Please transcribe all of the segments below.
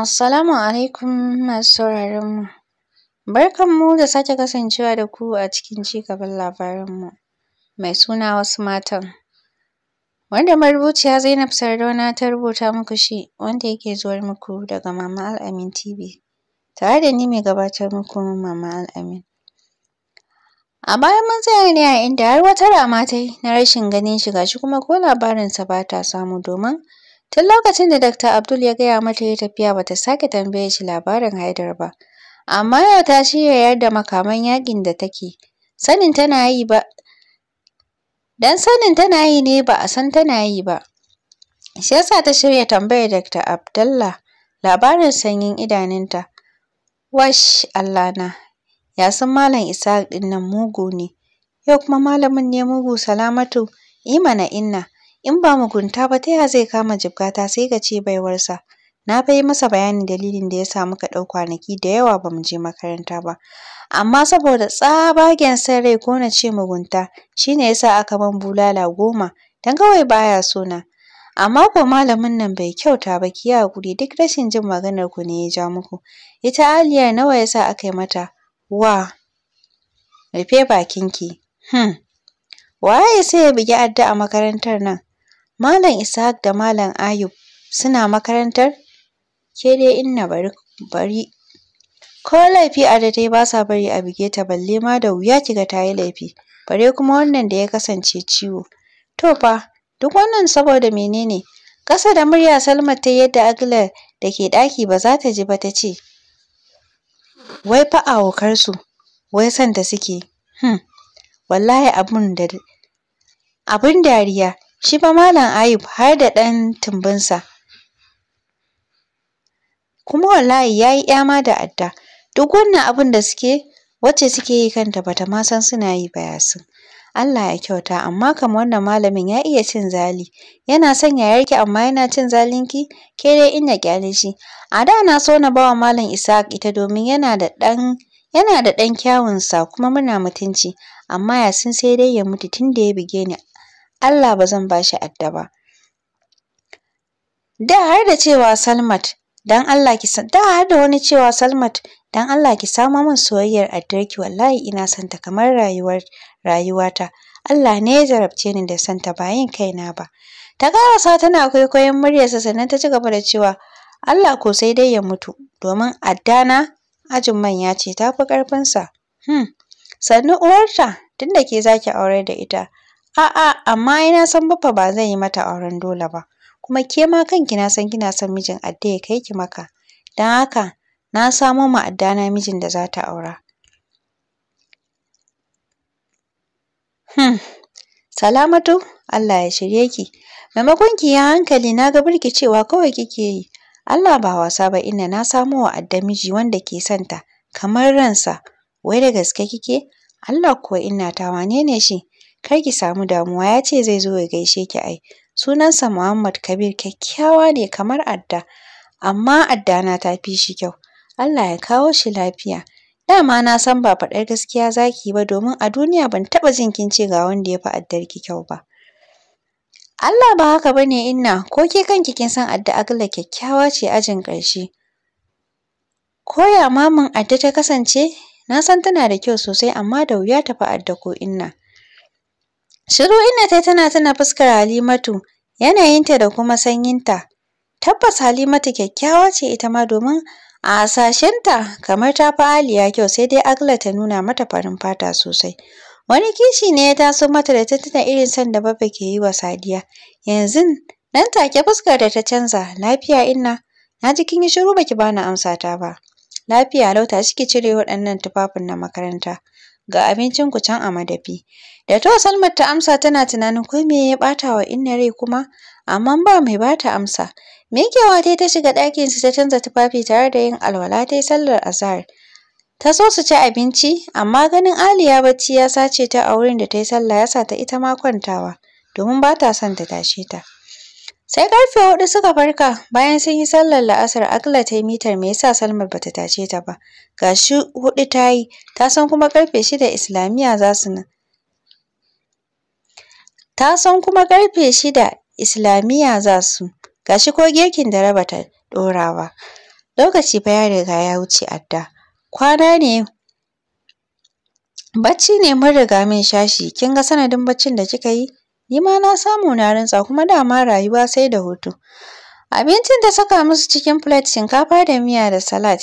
Assalamu alaikum masu sauraron mu. Barkan mu da sake kasancewa da ku a cikin cigaban labarin mu. Mai suna wasu matan. Wanda marubuciya Zainab Sardauna ta rubuta muku shi wanda yake zuwar muku daga Mama Al'amin TV. Tare da ni mai gabatar muku Mama Al'amin. A baya mun tsaya ne a inda har wata rama tayi na rashin ganin shi gashi kuma ko labarinsa ba ta samu domin Tun lokacin da Dr. Abdul ya gaya mata ya tafiya bata sake tambaye shi labarin Haidar ba. Amma yau ta shirya yarda makaman yakin da take. Sanin tana yi ba dan sanin tana yi ne ba a san tana yi ba. Shi yasa ta shirya tambayar Dr. Abdullah labarin sanyin idanunta. Wash Allah na. Ya san Malam Isa ɗin nan mugu ne. Yau kuma malamin ne mugu Salamatu imana inna. in ba mugunta ba ta ya zai kama jibgata sai ka ce baiwarsa na bai masa bayanin dalilin da yasa muka ɗau kwanaki da yawa bamu je makaranta ba amma saboda tsabagen san rai ko na ce mugunta shi ne ya aka ban bulala goma Dan kawai baya so na amma ko malamin nan bai kyauta ba ki hakuri duk rashin jin maganar ku ne ya ja muku ita aliyar nawa yasa aka yi mata wa rufe bakin ki hmm waye sai ya bugi adda a makarantar nan Malam Ishaq da Malam Ayub suna makarantar ke dai inna bari bari ko laifi a da dai ba sa bari a buge ta balle ma da wuya kiga tayi laifi bare kuma wannan da ya kasance ciwo to fa duk wannan saboda menene ƙasa da murya Salma ta yadda Agila dake ke ɗaki ba za ta ji ba ta ce wai fa su wai son ta suke hmm wallahi abun da abun dariya shi fa malam ayub har da ɗan tumbinsa kuma wallahi ya yi ma da adda duk wannan abin da suke wacce suke yi kanta ba ta ma san suna yi ba ya san. Allah ya kyauta amma kam wannan malamin ya iya cin zali yana son ya yarki, amma yana cin zalinki ke dai ya kyale shi a da na so na bawa malam Isaac ita domin yana da ɗan yana da ɗan kyawunsa kuma muna mutunci amma yasin sai dai ya mutu tun da ya buge ni Allah ba zan bashi adda ba da har da cewa Salmat dan Allah ki san da har da wani cewa Salmat dan Allah ki samo min soyayyar addarki wallahi ina santa kamar rayuwar rayuwata Allah ne ya jarabce ni da santa ba yin kaina ba ta karasa tana kwaikwayon muryarsa sannan ta ci gaba da cewa Allah ko sai dai ya mutu domin addana ajin manya ce ta fi ƙarfinsa hmm sannu uwarta tunda ke zaki aure da ita A'a amma ai na san Baffa ba zai yi mata auren dole ba, kuma ke ma kanki na san kina son mijin Adda ya kai ki maka? don haka na samo ma Adda na mijin da za ta aura. Hmm, Salamatu Allah ya shirye ki, maimakon ki yi hankali na ga birkicewa kawai kike yi, Allah ba wasa ba inna na samo wa Adda miji wanda ke son ta kamar ransa, wai da gaske kike? Allah kuwa inna ta wane ne shi? kar ki samu damuwa ya ce zai zo ya gaishe ki ai sunansa Muhammad Kabir kyakkyawa ne kamar adda amma adda na ta fi shi kyau Allah ya kawo shi lafiya dama na san ba faɗar gaskiya zaki yi ba domin a duniya ban taɓa jin kin ce ga wanda ya fi addar ki kyau ba Allah ba haka ba ne, inna ko ke ki kin san adda agla kyakkyawa ce ajin ƙarshe Ko ya mamin adda ta kasance na san tana da kyau sosai amma da wuya ta fi adda ko inna Shiru ina ta tana tana fuskar Halimatu, yanayinta da kuma sanyinta. Tabbas Halimatu kyakkyawa ce ita ma domin a hasashenta kamar ta fi Aliya kyau sai dai Agla ta nuna mata farin fata sosai. Wani kishi ne ya taso mata da ta tuna irin son da Baffa ke yi wa Sadiya. Yanzu nan take fuskar da ta canza, lafiya inna, na ji kin yi shiru baki bani amsa ta ba. Lafiya lau tashi ki cire waɗannan tufafin na makaranta, ga abincinku can a madafi. da to salmat ta amsa tana tunanin ko me ya bata wa inna rai kuma amma ba mai bata amsa mikewa dai ta shiga ɗakin su ta canza tufafi tare da yin alwala ta yi sallar azhar ta so su ci abinci amma ganin aliya bacci ya sace ta a wurin da ta yi sallah ya sa ta ita ma kwantawa domin ba ta son ta tashe ta sai karfe hudu suka farka bayan sun yi sallar la'asar akila ta yi mitar me yasa salmar bata tashe ta ba gashi hudu ta yi ta san kuma karfe shida islamiyya za su ta san kuma ƙarfe shida islamiyya za su gashi ko girkin da raba ta ɗora lokaci fa ya riga ya wuce adda kwana ne bacci ne mun riga min shashi kin ga sanadin baccin da kika yi ni ma na samu na rantsa kuma dama rayuwa sai da hutu abincin da saka musu cikin plate shinkafa da miya da salad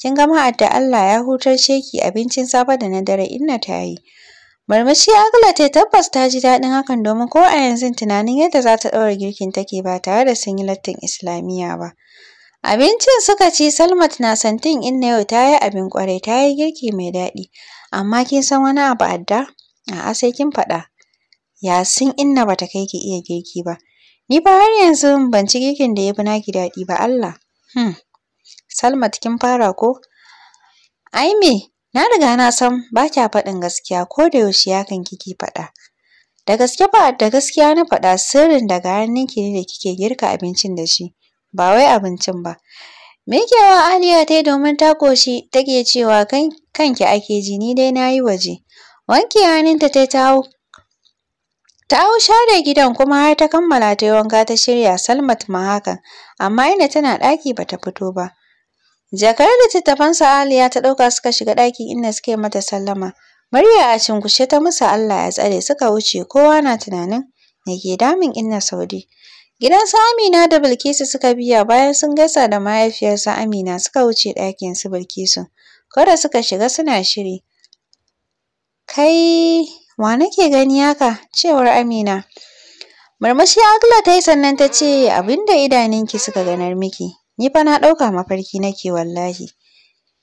kin ga ma'adda Allah ya hutar sheki abincin safe da na dare inna ta yi Marmashi Agla ta tabbas ta ji daɗin hakan domin ko a yanzu tunanin yadda za ta ɗaura girkin take ba tare da sun yi lattin Islamiyya ba. Abincin suka ci Salmat na santin in na yau ta yi abin ƙwarai ta yi girki mai daɗi. Amma kin san wani abu adda? A'a sai kin faɗa. Ya sun inna bata kai ki iya girki ba. Ni fa har yanzu ban ci girkin da ya fi naki daɗi ba Allah. Hmm. Salmat kin fara ko? Ai me Na riga na san ba kya faɗin gaskiya ko da yaushe hakan kike faɗa. Da gaske ba da gaskiya na faɗa sirrin daga hannunki ne da kike girka abincin da shi ba wai abincin ba. Me Mikewa Aliya ta domin ta ƙoshi take cewa kanki ake ji ni dai na yi waje. Wanke hannunta ta ta hau ta hau share gidan kuma har ta kammala ta wanka ta shirya Salmat ma hakan amma ina tana ɗaki ba ta fito ba. jakar littattafan Aliya ta ɗauka suka shiga ɗakin inda suke mata sallama murya a kushe ta musu Allah ya tsare suka wuce kowa na tunanin me ke damun inna Saudi gidan su Amina da Bilkisu suka biya bayan sun gaisa da mahaifiyarsa Amina suka wuce ɗakin su Bilkisu kada suka shiga suna shiri kai wa nake gani haka cewar Amina murmushi Agla ta yi sannan ta ce abinda idanunki suka ganar miki ni fa na ɗauka mafarki nake wallahi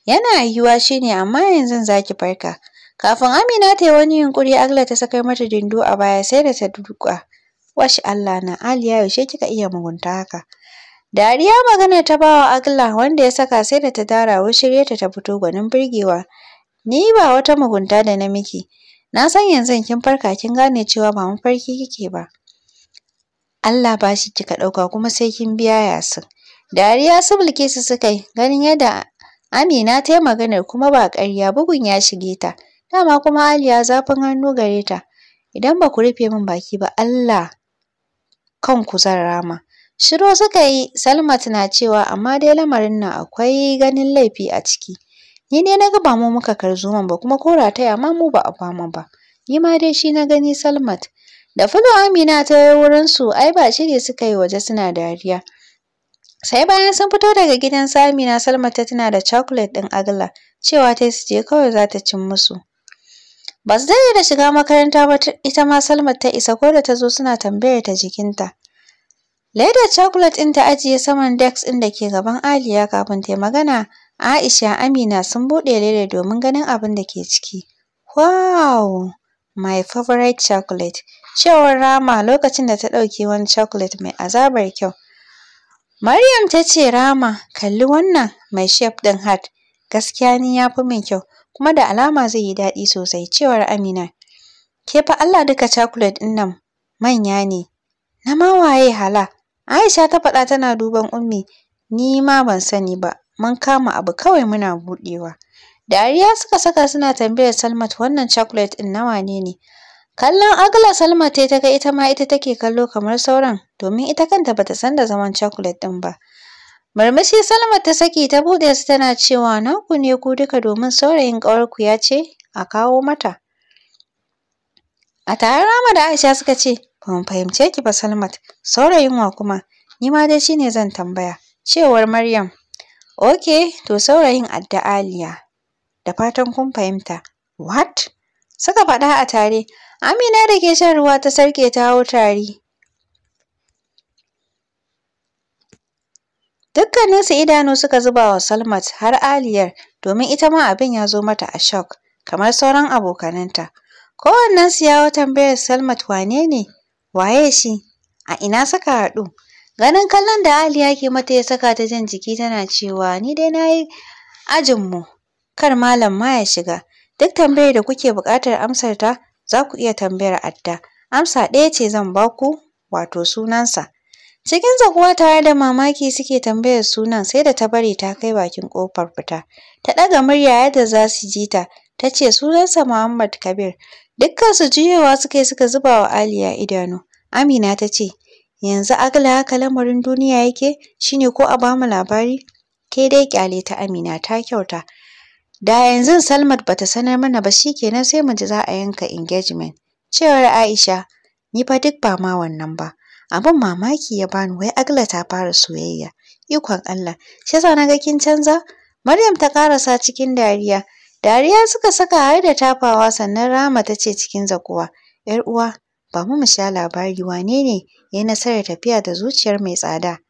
yana yiwuwa shine amma yanzu zaki farka kafin Amina ta yi wani yunkuri Agla ta sakar mata dindo a baya sai da ta duka washi Allah na Aliya yaushe kika iya mugunta haka dariya magana ta bawa Agla wanda ya saka sai da ta tara wa shirye ta ta fito gwanin birgewa ni ba wata mugunta da na miki na san yanzu kin farka kin gane cewa ba mafarki kike ba Allah ba shi kika ɗauka kuma sai kin biya yasin Dariya su Bilkisu suka yi ganin yadda Amina ta yi maganar kuma ba ƙarya bugun ya shige ta. Dama kuma Aliya zafin hannu gare ta. Idan ba ku rufe min baki ba Allah kanku zan rama. Shiro suka yi Salma tana cewa amma dai lamarin nan akwai ganin laifi a ciki. Ni ne na ga ba mu muka karzoman ba kuma ko rataya ma mu ba a fama ba. Ni ma dai shi na gani Salmat. Da fulo Amina ta yi wurinsu ai ba shiri suka yi waje suna dariya. Sai bayan sun fito daga gidan Samina Salma ta tuna da chocolate ɗin Agla cewa ta su je kawai za ta cin musu. Ba su daɗe da shiga makaranta ba ita ma Salma ta isa ko da ta zo suna tambayar ta jikinta. Ledar chocolate ɗin ta ajiye saman desk ɗin da ke gaban Aliya kafin ta yi magana Aisha Amina sun buɗe ledar domin ganin abin da ke ciki. Wow! My favorite chocolate! Cewar Rama lokacin da ta ɗauki wani chocolate mai azabar kyau. Maryam ta ce Rama kalli wannan mai shef ɗin hat gaskiya ni ya fi min kyau kuma da alama zai yi daɗi sosai cewar Amina. Ke fa Allah duka cakulet ɗin nan manya ne. Na ma waye hala? Aisha ta faɗa tana duban Ummi ni ma ban sani ba mun kama abu kawai muna buɗewa. Dariya suka saka suna tambayar Salmat wannan cakulet ɗin na wane ne? Kallon Agla Salma tai ta ga ita ma ita take kallo kamar sauran domin ita kanta bata san da zaman cakulet ɗin ba. Marmashi Salma ta saki ta buɗe su tana cewa ku ne ku duka domin saurayin kawar ku ya ce a kawo mata. A taron Rama da Aisha suka ce ba mu fahimce ki ba Salmat saurayin wa kuma ni ma dai shine zan tambaya cewar Maryam. Okay to saurayin Adda Aliya da fatan kun fahimta. What? Suka faɗa a tare Amina da ke shan ruwa ta sarƙe ta hau tari. Dukkaninsu idanu suka zuba wa Salmat har Aliyar domin ita ma abin ya zo mata a shock kamar sauran abokananta. Kowannensu ya hau tambayar Salmat wane ne, waye shi, a ina suka haɗu. Ganin kallon da Aliya ke mata ya saka ta jan jiki tana cewa ni dai na yi ajinmu kar malam ma ya shiga. Duk tambayar da kuke buƙatar amsar ta za ku iya tambayar adda amsa ɗaya ce zan ba ku wato sunansa cikin zakuwa tare da mamaki suke tambayar sunan sai da ta bari ta kai bakin ƙofar fita ta ɗaga murya yadda za su ji ta ta ce sunansa muhammad kabir dukkan su juyewa suka yi suka zuba wa aliya idanu amina ta ce yanzu agala haka lamarin duniya yake shine ko a bamu labari ke dai kyale ta amina ta kyauta da yanzu Salmat bata sanar mana ba shi shikenan sai mu ji za a yanka engagement cewar Aisha ni fa duk ba ma wannan ba abin mamaki ya bani wai Agla ta fara soyayya ikon Allah shi yasa naga kin canza Maryam ta karasa cikin dariya dariya suka saka har da tafawa sannan Rama ta ce cikin zakuwa yar uwa ba mu sha labari wane ne ya nasarar tafiya da zuciyar mai tsada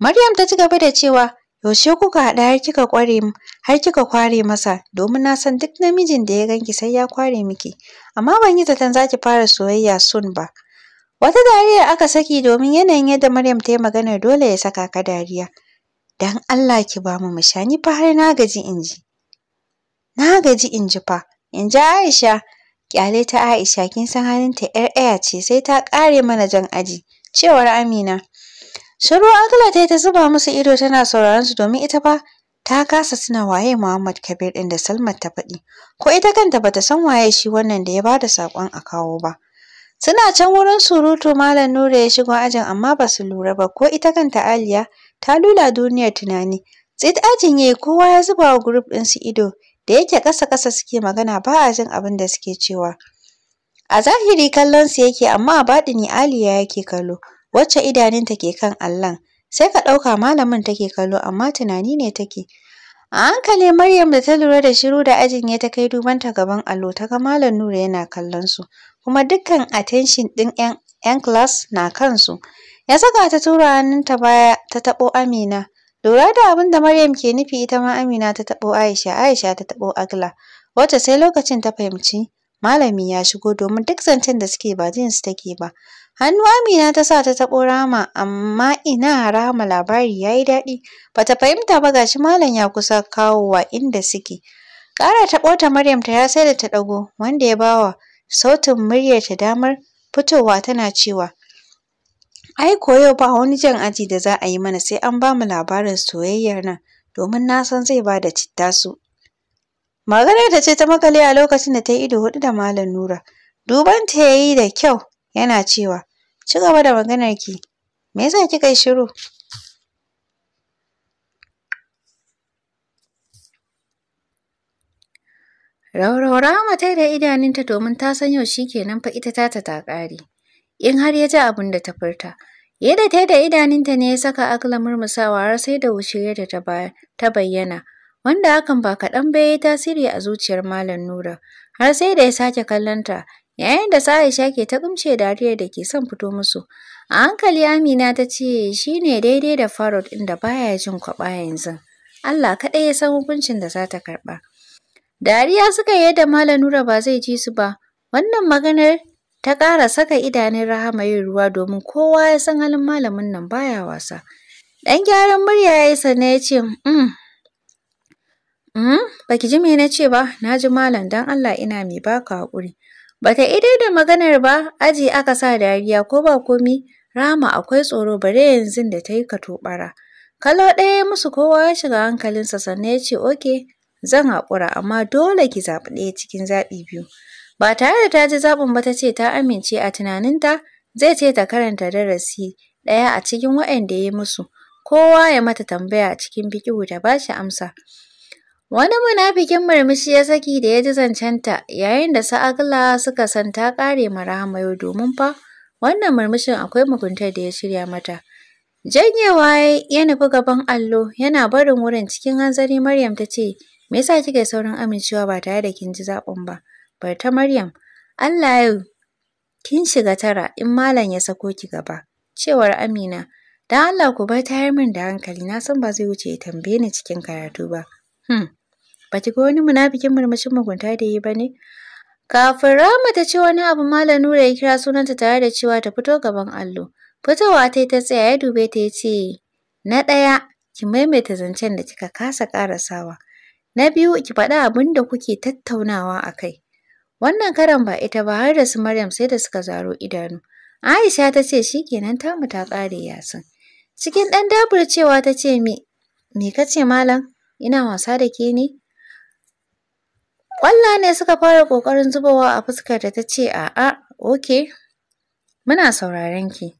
Maryam ta ci gaba da cewa yaushe kuka haɗu har kika ƙware har kika kware masa domin na san duk namijin da ya ganki sai ya kware miki amma ban yi zaton za ki fara soyayya sun ba wata dariya aka saki domin yanayin yadda Maryam ta yi magana dole ya saka ka dariya dan Allah ki ba mu mushani fa har na gaji in ji na gaji in ji fa in ji Aisha kyale ta Aisha kin san halinta 'yar ƴaya ce sai ta ƙare mana jan aji cewar Amina Shiru Agla ta yi ta zuba musu ido tana sauraron su domin ita fa ta kasa suna waye Muhammad Kabir ɗin da Salmat ta faɗi, ko ita kanta bata san waye shi wannan da ya bada saƙon a kawo ba. Suna can wurin surutu Malam Nura ya shigo ajin amma ba su lura ba ko ita kanta Aliya ta lula duniyar tunani. Tsit ajin yayi kowa ya zuba wa group su ido da yake kasa-kasa suke magana ba a jin abin da suke cewa. A zahiri kallon su yake amma a baɗini Aliya yake kallo. wacce idanunta ke kan allon sai ka ɗauka malamin take kallo amma tunani ne take a hankali maryam da ta lura da shiru da ajin ya ta kai dubanta gaban allo ta ga malam nura yana kallon su kuma dukkan attention ɗin yan yan class na kansu ya saka ta tura hannunta baya ta taɓo amina lura da abin da maryam ke nufi ita ma amina ta taɓo aisha aisha ta taɓo agla wacce sai lokacin ta fahimci malami ya shigo domin duk zancen da suke ba jinsu take ba Hannu Amina ta sa ta taɓo Rama amma ina Rama labari ya yi daɗi. Ba ta fahimta ba gashi malam ya kusa kawowa inda suke. Ƙara taɓo ta Maryam ta ya sai da ta ɗago wanda ya bawa sautin ta damar fitowa tana cewa ai koyo ba wani jan aji da za a yi mana sai an ba mu labarin soyayyar nan domin na san zai ba da citta su. Maganar ta ce ta makale a lokacin da ta yi ido huɗu da Malam Nura. Duban ta ya yi da kyau yana cewa ci gaba da maganar ki. me yasa kika yi shiru Raurara ta da idanunta domin ta san yau kenan fa ita ta ta ƙare. In har ya ji abin da ta furta. Yadda ta da idanunta ne ya saka Agla murmusawa har sai da wuce da ta bayyana. Wanda hakan ba kaɗan ba ya yi tasiri a zuciyar Malam Nura. Har sai da ya sake kallonta yayin da Aisha ke ta kumce dariyar da ke son fito musu. A hankali Amina ta ce shi ne daidai da Farod inda baya jin kwaɓa yanzu. Allah kaɗai ya san hukuncin da za ta karɓa. Dariya suka yi yadda Malam Nura ba zai ji su ba. Wannan maganar ta ƙara saka idanun Rahama yin ruwa domin kowa ya san halin malamin nan baya wasa. Ɗan gyaran murya ya yi sannan ya ce, mm, mm baki ji me na ce ba, na ji malam don Allah ina mai baka haƙuri." Bata idai da maganar ba, aji aka sa dariya ko ba komi, Rama akwai tsoro bare yanzu da ta yi ka tobara. Kalo ɗaya musu kowa ya shiga hankalinsa sannan ya ce, Oke, zan haƙura, amma dole ki zaɓi ɗaya cikin zaɓi biyu. Ba tare da ta ji zaɓin ba ta ce ta amince a tunaninta zai ce ta karanta darasi ɗaya a cikin waɗanda ya yi musu, kowa ya mata tambaya a cikin biki ta ba shi amsa. Wani munafikin murmushi ya saki da ya ji zancenta yayin da sa'agla suka san ta ƙare marahama domin fa wannan murmushin akwai muguntar da ya shirya mata. Janyewa ya nufi gaban allo yana barin wurin cikin hanzari Maryam ta ce, Me yasa kika saurin amincewa ba tare da kin ji zaɓin ba? Bar Maryam, Allah yau kin shiga tara in malam ya sako ki gaba. Cewar Amina, don Allah ku bar tayar min da hankali na san ba zai wuce ya tambaye ni cikin karatu ba. Hmm. ba ki ga wani munafikin murmushin mugunta da yi ba ne? Kafin Rahama ta ce wani abu Malam Nura ya kira sunanta tare da cewa ta fito gaban allo. Fitowa ta yi ta tsaya ya dube ta ya ce, Na ɗaya, ki maimaita zancen da kika kasa ƙarasawa. Na biyu, ki faɗa abin da kuke tattaunawa a kai. Wannan karan ba ita ba har da su Maryam sai da suka zaro idanu. Aisha ta ce shi kenan tamu ta ƙare yasin. Cikin ɗan cewa ta ce me ka ce malam? Ina wasa da ke ne? Ƙwalla ne suka fara ƙoƙarin zubawa a fuskar da ta ce a'a, oke, muna sauraren ki.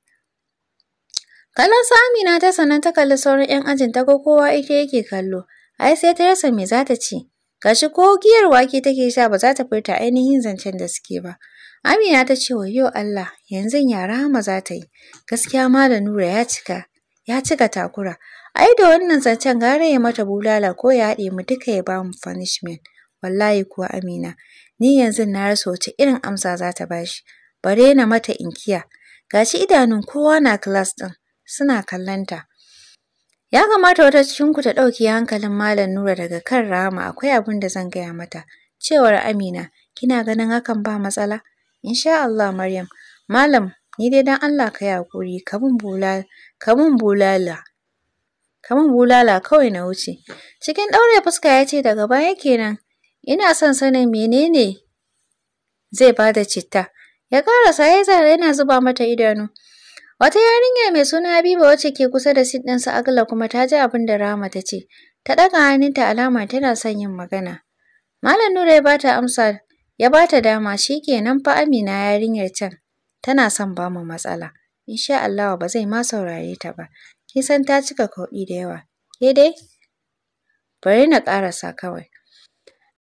Kallon su Amina ta sannan ta kalli sauran 'yan ajin ta ga kowa ita yake kallo, ai sai ta rasa me za ta ce. Gashi ko giyar wake take sha ba za ta furta ainihin zancen da suke ba. Amina ta ce wa yau Allah yanzu yara ma za ta yi. Gaskiya ma da Nura ya cika, ya cika takura. Ai da wannan zancen gara ya mata bulala ko ya haɗe mu duka ya bamu mu punishment. Wallahi kuwa Amina, ni yanzu na rasa wace irin amsa za ta bashi, bare na mata inkiya. Gashi idanun kowa na class ɗin, suna kallonta. Ya kamata wata cikin ku ta ɗauki hankalin Malam Nura daga kan Rahama akwai abin da zan gaya mata. Cewar Amina, kina ganin hakan ba matsala? Insha Allah Maryam, Malam ni dai dan Allah ka yi kamun bula kamun bulala. kamun bulala kawai na wuce. Cikin daure fuska ya ce daga baya kenan ina son sanin menene zai bada citta. Ya karasa ya zara yana zuba mata idanu. Wata yarinya mai suna Habiba wacce ke kusa da sit ɗinsa Agla kuma ta ji abin da Rahama ta ce. Ta ɗaga hannunta alama tana son yin magana. Malam Nura ya ta amsa ya ba ta dama shi ke nan fa Amina yarinyar can tana son bamu matsala. Insha Allah ba zai ma saurare ta ba. Kin san ta cika kauɗi da yawa. Ke dai bari na ƙarasa kawai.